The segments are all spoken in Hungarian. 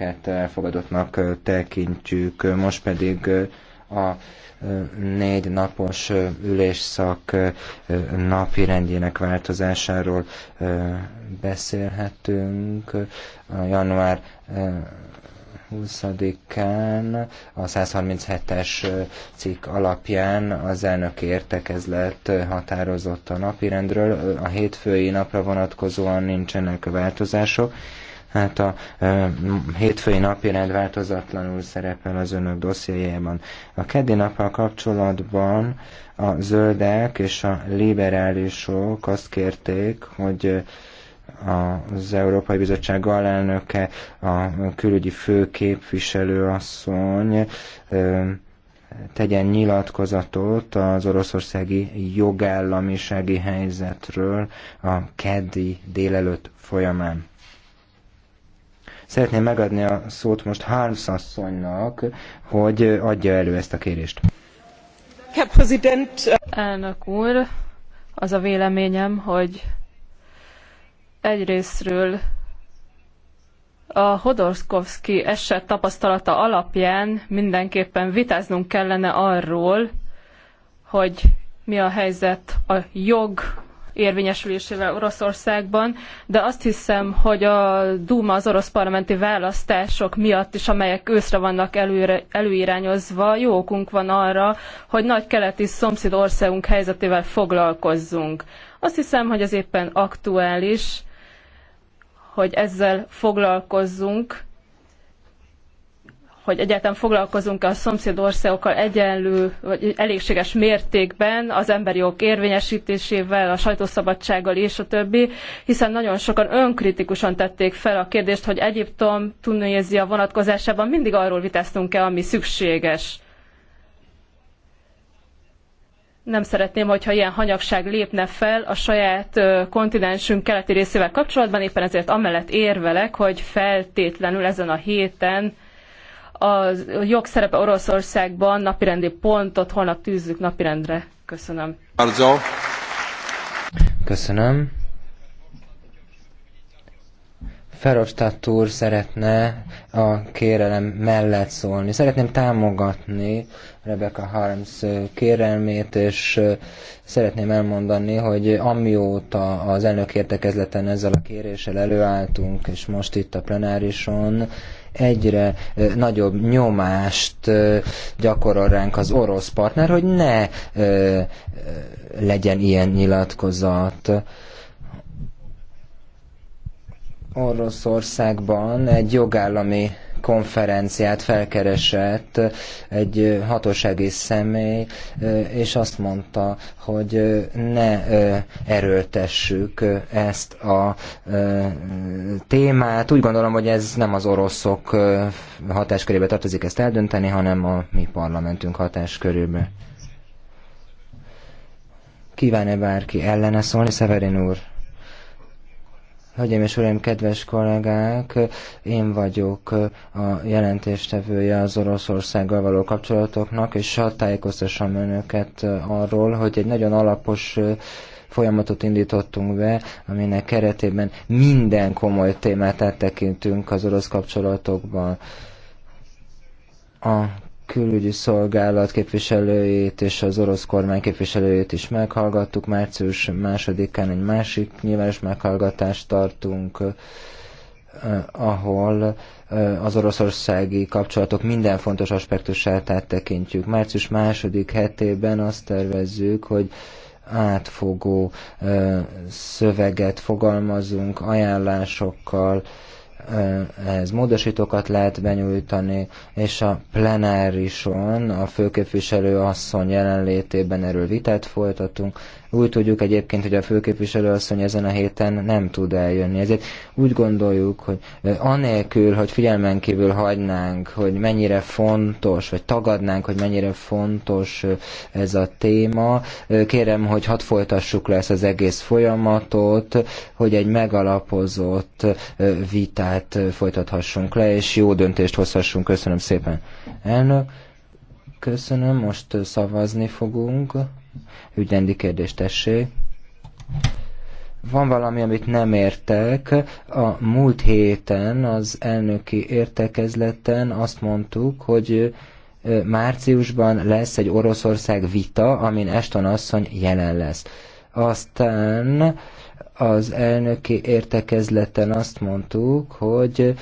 amiket elfogadottnak tekintjük. Most pedig a négy napos ülésszak napi rendjének változásáról beszélhetünk. A január 20-án a 137-es cikk alapján az elnök értekezlet határozott a napirendről. A hétfői napra vonatkozóan nincsenek változások. Hát a e, hétfői rend változatlanul szerepel az önök dossziéjában. A keddi nappal kapcsolatban a zöldek és a liberálisok azt kérték, hogy az Európai Bizottság alelnöke, a külügyi főképviselő asszony tegyen nyilatkozatot az oroszországi jogállamisági helyzetről a keddi délelőtt folyamán. Szeretném megadni a szót most Harms asszonynak, hogy adja elő ezt a kérést. Äh, Elnök úr, az a véleményem, hogy egyrésztről a Hodorszkovszki eset tapasztalata alapján mindenképpen vitáznunk kellene arról, hogy mi a helyzet a jog érvényesülésével Oroszországban, de azt hiszem, hogy a Duma az orosz parlamenti választások miatt is, amelyek őszre vannak előre, előirányozva, jó okunk van arra, hogy nagy keleti szomszéd országunk helyzetével foglalkozzunk. Azt hiszem, hogy ez éppen aktuális, hogy ezzel foglalkozzunk, hogy egyáltalán foglalkozunk-e a szomszéd országokkal egyenlő, vagy elégséges mértékben az emberi jogok érvényesítésével, a sajtószabadsággal és a többi, hiszen nagyon sokan önkritikusan tették fel a kérdést, hogy Egyiptom, Tunézia vonatkozásában mindig arról vitáztunk-e, ami szükséges. Nem szeretném, hogyha ilyen hanyagság lépne fel a saját kontinensünk keleti részével kapcsolatban, éppen ezért amellett érvelek, hogy feltétlenül ezen a héten a jogszerepe Oroszországban napirendi pontot holnap tűzzük napirendre. Köszönöm. Köszönöm. Ferostat úr szeretne a kérelem mellett szólni. Szeretném támogatni Rebecca Harms kérelmét, és szeretném elmondani, hogy amióta az elnök értekezleten ezzel a kéréssel előálltunk, és most itt a plenárison, egyre nagyobb nyomást gyakorol ránk az orosz partner, hogy ne legyen ilyen nyilatkozat. Oroszországban egy jogállami konferenciát felkeresett egy hatósági személy, és azt mondta, hogy ne erőltessük ezt a témát. Úgy gondolom, hogy ez nem az oroszok hatáskörébe tartozik ezt eldönteni, hanem a mi parlamentünk hatáskörébe. Kíván-e bárki ellene szólni, Szeverin úr? Hölgyeim és Uraim, kedves kollégák, én vagyok a jelentéstevője az Oroszországgal való kapcsolatoknak, és tájékoztassam önöket arról, hogy egy nagyon alapos folyamatot indítottunk be, aminek keretében minden komoly témát áttekintünk az orosz kapcsolatokban. A külügyi szolgálat képviselőjét és az orosz kormány képviselőjét is meghallgattuk. Március másodikán egy másik nyilvános meghallgatást tartunk, eh, ahol eh, az oroszországi kapcsolatok minden fontos aspektusát áttekintjük. Március második hetében azt tervezzük, hogy átfogó eh, szöveget fogalmazunk ajánlásokkal, ehhez módosítókat lehet benyújtani, és a plenárison a főképviselő asszony jelenlétében erről vitát folytatunk, úgy tudjuk egyébként, hogy a főképviselő asszony ezen a héten nem tud eljönni. Ezért úgy gondoljuk, hogy anélkül, hogy figyelmen kívül hagynánk, hogy mennyire fontos, vagy tagadnánk, hogy mennyire fontos ez a téma, kérem, hogy hadd folytassuk le ezt az egész folyamatot, hogy egy megalapozott vitát folytathassunk le, és jó döntést hozhassunk. Köszönöm szépen. Elnök, köszönöm, most szavazni fogunk. Ügyrendi kérdést tessék. Van valami, amit nem értek. A múlt héten az elnöki értekezleten azt mondtuk, hogy márciusban lesz egy Oroszország vita, amin Eston asszony jelen lesz. Aztán az elnöki értekezleten azt mondtuk, hogy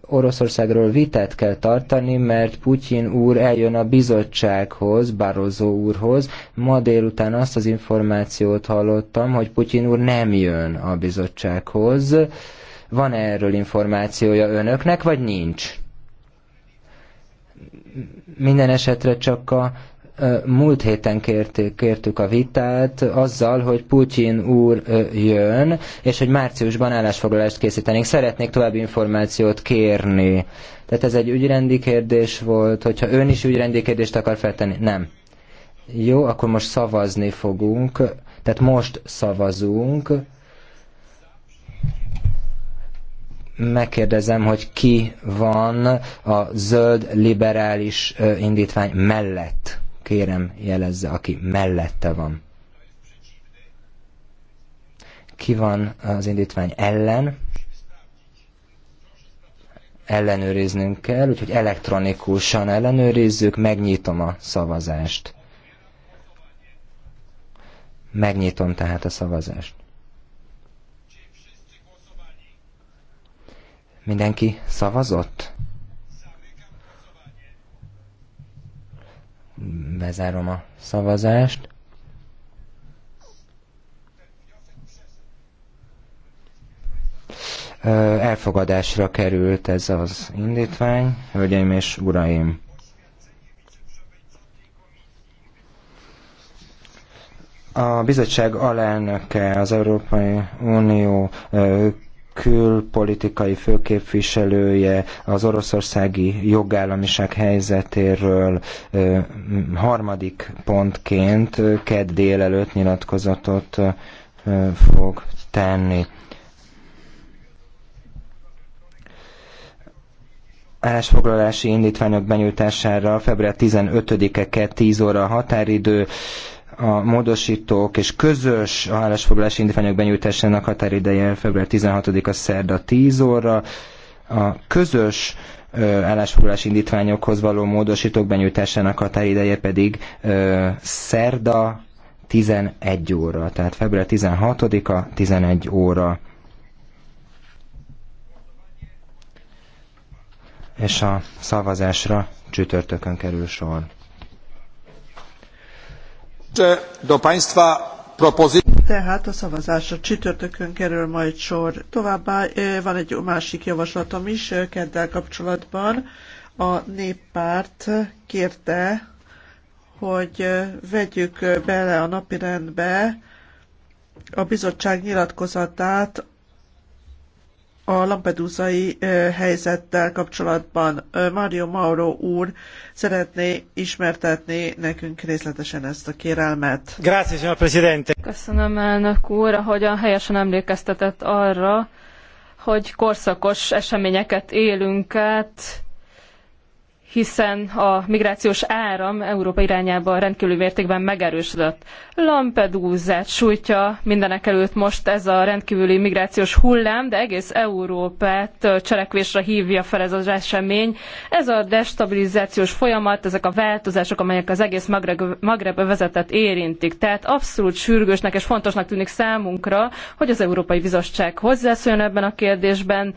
Oroszországról vitát kell tartani, mert Putyin úr eljön a bizottsághoz, barozó úrhoz. Ma délután azt az információt hallottam, hogy Putyin úr nem jön a bizottsághoz. van -e erről információja önöknek, vagy nincs? Minden esetre csak a múlt héten kértük, kértük a vitát azzal, hogy Putyin úr jön, és hogy márciusban állásfoglalást készítenénk. Szeretnék további információt kérni. Tehát ez egy ügyrendi kérdés volt, hogyha ön is ügyrendi kérdést akar feltenni. Nem. Jó, akkor most szavazni fogunk. Tehát most szavazunk. Megkérdezem, hogy ki van a zöld liberális indítvány mellett kérem jelezze, aki mellette van. Ki van az indítvány ellen? Ellenőriznünk kell, úgyhogy elektronikusan ellenőrizzük, megnyitom a szavazást. Megnyitom tehát a szavazást. Mindenki szavazott? Bezárom a szavazást. Elfogadásra került ez az indítvány, hölgyeim és uraim. A bizottság alelnöke az Európai Unió külpolitikai főképviselője az oroszországi jogállamiság helyzetéről harmadik pontként kedd délelőtt nyilatkozatot fog tenni. állásfoglalási indítványok benyújtására február 15-e 10 óra a határidő a módosítók és közös állásfoglalási indítványok benyújtásának határideje február 16-a szerda 10 óra. A közös állásfoglalási indítványokhoz való módosítók benyújtásának határideje pedig ö, szerda 11 óra, tehát február 16-a 11 óra. És a szavazásra csütörtökön kerül sor. Tehát a szavazásra csütörtökön kerül majd sor. Továbbá van egy másik javaslatom is keddel kapcsolatban. A néppárt kérte, hogy vegyük bele a napirendbe a bizottság nyilatkozatát a lampedusai helyzettel kapcsolatban. Mario Mauro úr szeretné ismertetni nekünk részletesen ezt a kérelmet. Grazie, signor Presidente. Köszönöm, elnök úr, ahogyan helyesen emlékeztetett arra, hogy korszakos eseményeket élünk át, hiszen a migrációs áram Európa irányába rendkívül mértékben megerősödött. Lampedúzát sújtja mindenekelőtt most ez a rendkívüli migrációs hullám, de egész Európát cselekvésre hívja fel ez az esemény. Ez a destabilizációs folyamat, ezek a változások, amelyek az egész Magreb, vezetett övezetet érintik. Tehát abszolút sürgősnek és fontosnak tűnik számunkra, hogy az Európai Bizottság hozzászóljon ebben a kérdésben,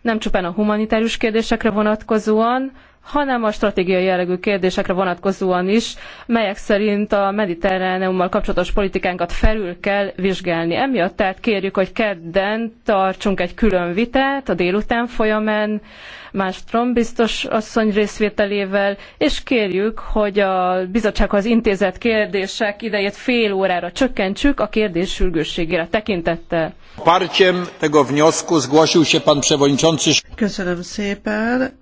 nem csupán a humanitárius kérdésekre vonatkozóan, hanem a stratégiai jellegű kérdésekre vonatkozóan is, melyek szerint a mediterráneummal kapcsolatos politikánkat felül kell vizsgálni. Emiatt tehát kérjük, hogy kedden tartsunk egy külön vitát a délután folyamán, más biztos asszony részvételével, és kérjük, hogy a bizottsághoz intézett kérdések idejét fél órára csökkentsük a kérdés sürgősségére tekintettel. Köszönöm szépen.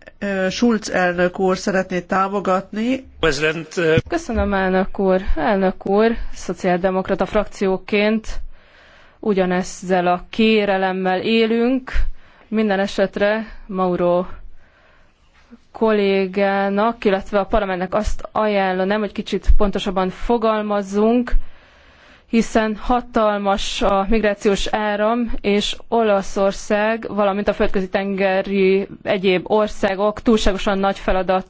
Schulz elnök úr szeretné támogatni. Köszönöm, elnök úr. Elnök úr, szociáldemokrata frakcióként ugyanezzel a kérelemmel élünk. Minden esetre Mauro kollégának, illetve a parlamentnek azt ajánlanám, hogy kicsit pontosabban fogalmazzunk, hiszen hatalmas a migrációs áram, és Olaszország, valamint a földközi tengeri egyéb országok túlságosan nagy feladat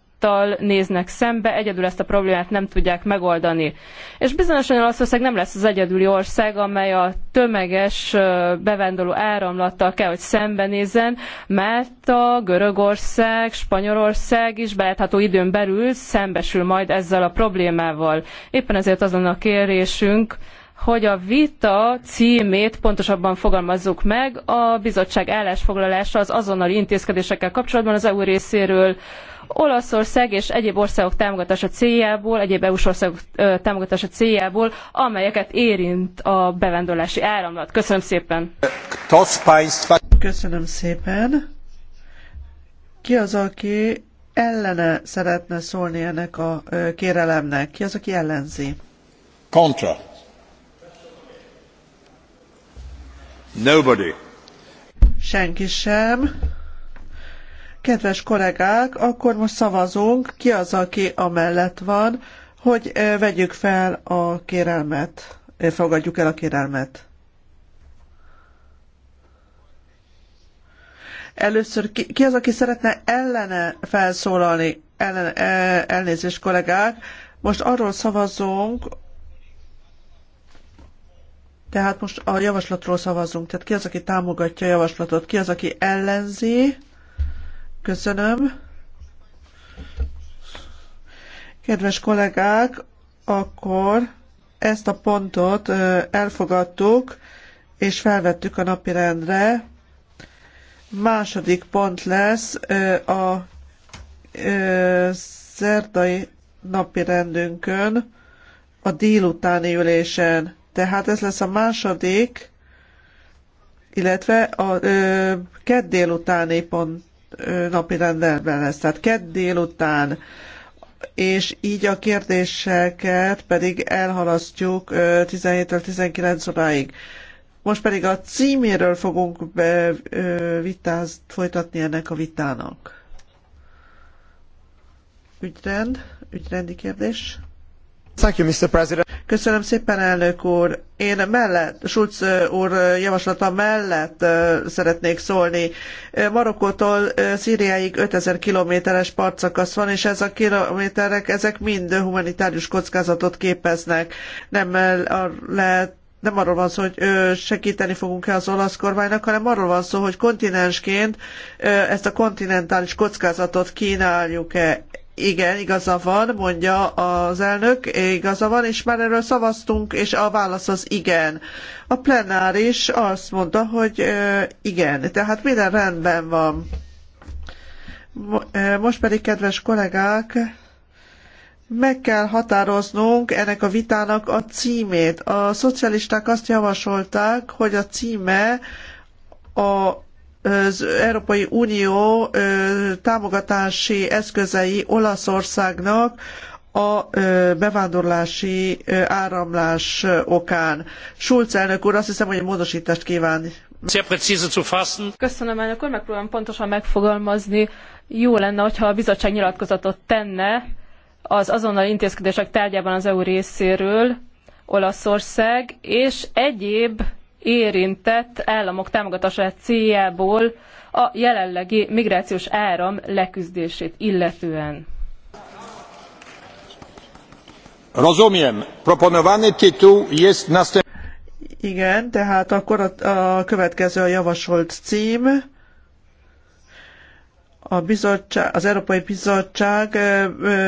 néznek szembe, egyedül ezt a problémát nem tudják megoldani. És bizonyosan Olaszország nem lesz az egyedüli ország, amely a tömeges bevándorló áramlattal kell, hogy szembenézzen, mert a Görögország, Spanyolország is belátható időn belül szembesül majd ezzel a problémával. Éppen ezért az lenne a kérésünk, hogy a vita címét pontosabban fogalmazzuk meg. A bizottság állásfoglalása az azonnali intézkedésekkel kapcsolatban az EU részéről Olaszország és egyéb országok támogatása céljából, egyéb EU-s országok támogatása céljából, amelyeket érint a bevándorlási áramlat. Köszönöm szépen! Köszönöm szépen! Ki az, aki ellene szeretne szólni ennek a kérelemnek? Ki az, aki ellenzi? Contra. Nobody. Senki sem. Kedves kollégák, akkor most szavazunk, ki az, aki amellett van, hogy vegyük fel a kérelmet, fogadjuk el a kérelmet. Először ki, ki az, aki szeretne ellene felszólalni, ellen, elnézést kollégák, most arról szavazunk, tehát most a javaslatról szavazunk. Tehát ki az, aki támogatja a javaslatot, ki az, aki ellenzi. Köszönöm. Kedves kollégák, akkor ezt a pontot elfogadtuk, és felvettük a napirendre. Második pont lesz a szerdai napirendünkön, a délutáni ülésen. Tehát ez lesz a második, illetve a ö, kett délutáni pont ö, napi rendelben lesz. Tehát kett délután és így a kérdéseket pedig elhalasztjuk 17-től 19 óráig. Most pedig a címéről fogunk be, vitázt folytatni ennek a vitának. Ügyrend, ügyrendi kérdés. Köszönöm szépen, elnök úr. Én mellett, Schulz úr javaslata mellett szeretnék szólni. Marokkótól Szíriáig 5000 kilométeres partszakasz van, és ez a kilométerek, ezek mind humanitárius kockázatot képeznek. Nem lehet nem arról van szó, hogy segíteni fogunk-e az olasz kormánynak, hanem arról van szó, hogy kontinensként ezt a kontinentális kockázatot kínáljuk-e igen, igaza van, mondja az elnök, igaza van, és már erről szavaztunk, és a válasz az igen. A plenáris azt mondta, hogy igen, tehát minden rendben van. Most pedig, kedves kollégák, meg kell határoznunk ennek a vitának a címét. A szocialisták azt javasolták, hogy a címe a az Európai Unió támogatási eszközei Olaszországnak a bevándorlási áramlás okán. Schulz elnök úr azt hiszem, hogy egy módosítást kíván. Köszönöm elnök úr, megpróbálom pontosan megfogalmazni. Jó lenne, hogyha a bizottság nyilatkozatot tenne az azonnali intézkedések tárgyában az EU részéről, Olaszország és egyéb érintett államok támogatását céljából a jelenlegi migrációs áram leküzdését illetően. Rozumiem. Proponowany tytuł jest następny. Igen, tehát akkor a, a következő a javasolt cím a bizottság, az Európai Bizottság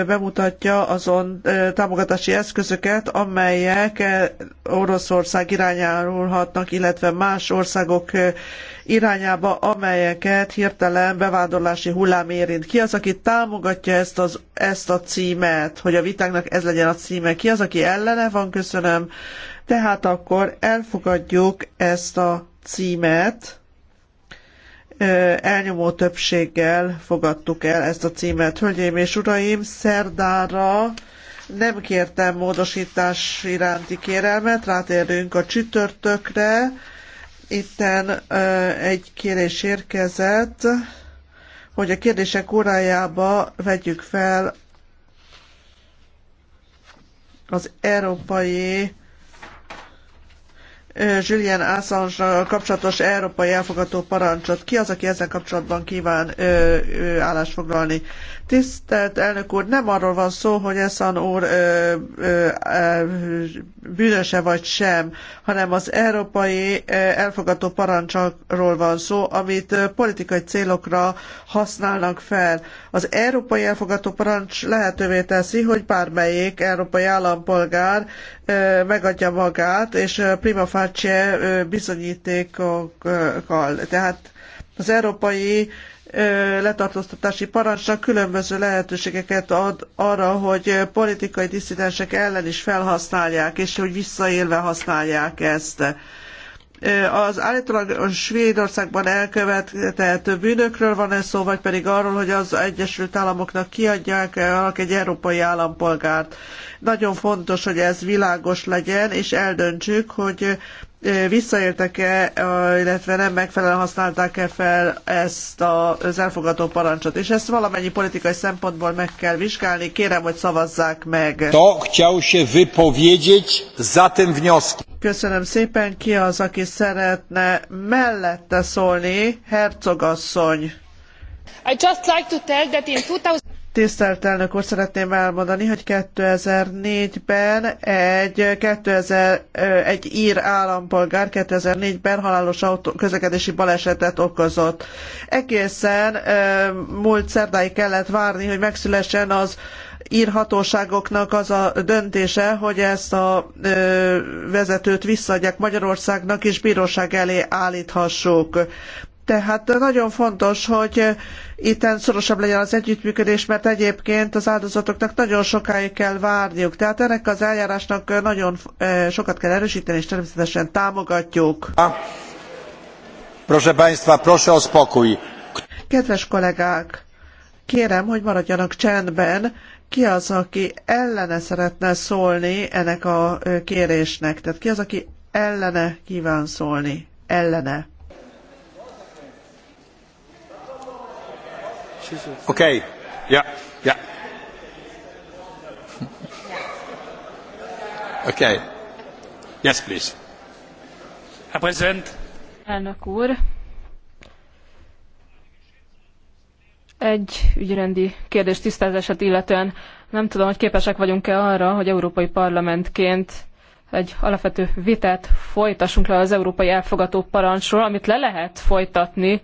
bemutatja azon támogatási eszközöket, amelyek Oroszország irányárulhatnak, illetve más országok irányába, amelyeket hirtelen bevándorlási hullám érint. Ki az, aki támogatja ezt, az, ezt a címet, hogy a vitáknak ez legyen a címe? Ki az, aki ellene van? Köszönöm. Tehát akkor elfogadjuk ezt a címet elnyomó többséggel fogadtuk el ezt a címet. Hölgyeim és uraim, szerdára nem kértem módosítás iránti kérelmet, rátérünk a csütörtökre. Itten egy kérés érkezett, hogy a kérdések órájába vegyük fel az európai Julian assange kapcsolatos európai elfogadó parancsot. Ki az, aki ezzel kapcsolatban kíván ö, ö, állást foglalni? Tisztelt elnök úr, nem arról van szó, hogy Assange úr ö, ö, ö, bűnöse vagy sem, hanem az európai elfogadó parancsról van szó, amit politikai célokra használnak fel. Az európai elfogadó parancs lehetővé teszi, hogy bármelyik európai állampolgár ö, megadja magát, és prima facie Apache bizonyítékokkal. Tehát az európai letartóztatási parancsnak különböző lehetőségeket ad arra, hogy politikai disszidensek ellen is felhasználják, és hogy visszaélve használják ezt az állítólag Svédországban elkövetett bűnökről van ez szó, vagy pedig arról, hogy az Egyesült Államoknak kiadják egy európai állampolgárt. Nagyon fontos, hogy ez világos legyen, és eldöntsük, hogy visszaéltek-e, illetve nem megfelelően használták-e fel ezt az elfogadó parancsot. És ezt valamennyi politikai szempontból meg kell vizsgálni. Kérem, hogy szavazzák meg. To chciał się wypowiedzieć za Köszönöm szépen. Ki az, aki szeretne mellette szólni? Hercogasszony. I just like to tell that in 2000... Tisztelt elnök úr, szeretném elmondani, hogy 2004-ben egy, 2000, egy ír állampolgár 2004-ben halálos autó, közlekedési balesetet okozott. Egészen múlt szerdáig kellett várni, hogy megszülessen az írhatóságoknak az a döntése, hogy ezt a vezetőt visszaadják Magyarországnak, és bíróság elé állíthassuk. Tehát nagyon fontos, hogy itten szorosabb legyen az együttműködés, mert egyébként az áldozatoknak nagyon sokáig kell várniuk. Tehát ennek az eljárásnak nagyon sokat kell erősíteni, és természetesen támogatjuk. Proszę Państwa, proszę o spokój. Kedves kollégák, kérem, hogy maradjanak csendben, ki az, aki ellene szeretne szólni ennek a kérésnek? Tehát ki az, aki ellene kíván szólni? Ellene. Oké. Ja. Ja. Oké. Yes, please. Herr Präsident. Elnök úr. Egy ügyrendi kérdés tisztázását illetően nem tudom, hogy képesek vagyunk-e arra, hogy Európai Parlamentként egy alapvető vitát folytassunk le az Európai Elfogató Parancsról, amit le lehet folytatni,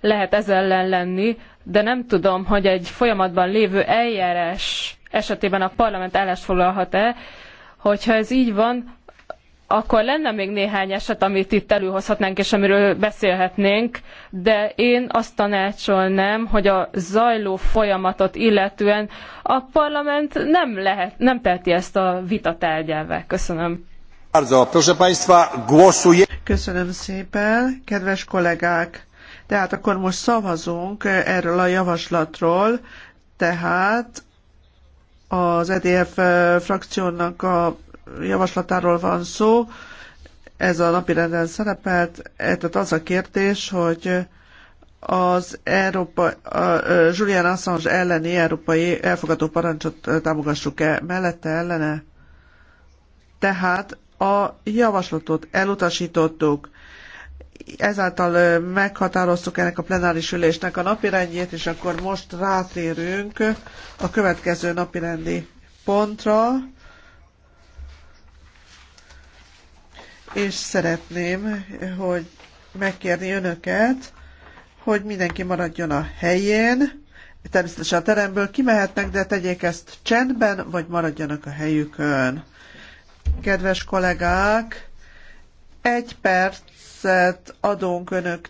lehet ez ellen lenni, de nem tudom, hogy egy folyamatban lévő eljárás esetében a parlament állást foglalhat-e, hogyha ez így van, akkor lenne még néhány eset, amit itt előhozhatnánk és amiről beszélhetnénk, de én azt tanácsolnám, hogy a zajló folyamatot illetően a parlament nem, lehet, nem teheti ezt a vita tárgyává. Köszönöm. Köszönöm szépen, kedves kollégák! Tehát akkor most szavazunk erről a javaslatról, tehát az EDF eh, frakciónak a javaslatáról van szó, ez a napirenden szerepelt, tehát az a kérdés, hogy az Európa, a Julian Assange elleni európai elfogadó parancsot támogassuk-e mellette, ellene? Tehát a javaslatot elutasítottuk, ezáltal meghatároztuk ennek a plenáris ülésnek a napirendjét, és akkor most rátérünk a következő napirendi pontra, és szeretném, hogy megkérni önöket, hogy mindenki maradjon a helyén. Természetesen a teremből kimehetnek, de tegyék ezt csendben, vagy maradjanak a helyükön. Kedves kollégák, egy percet adunk önök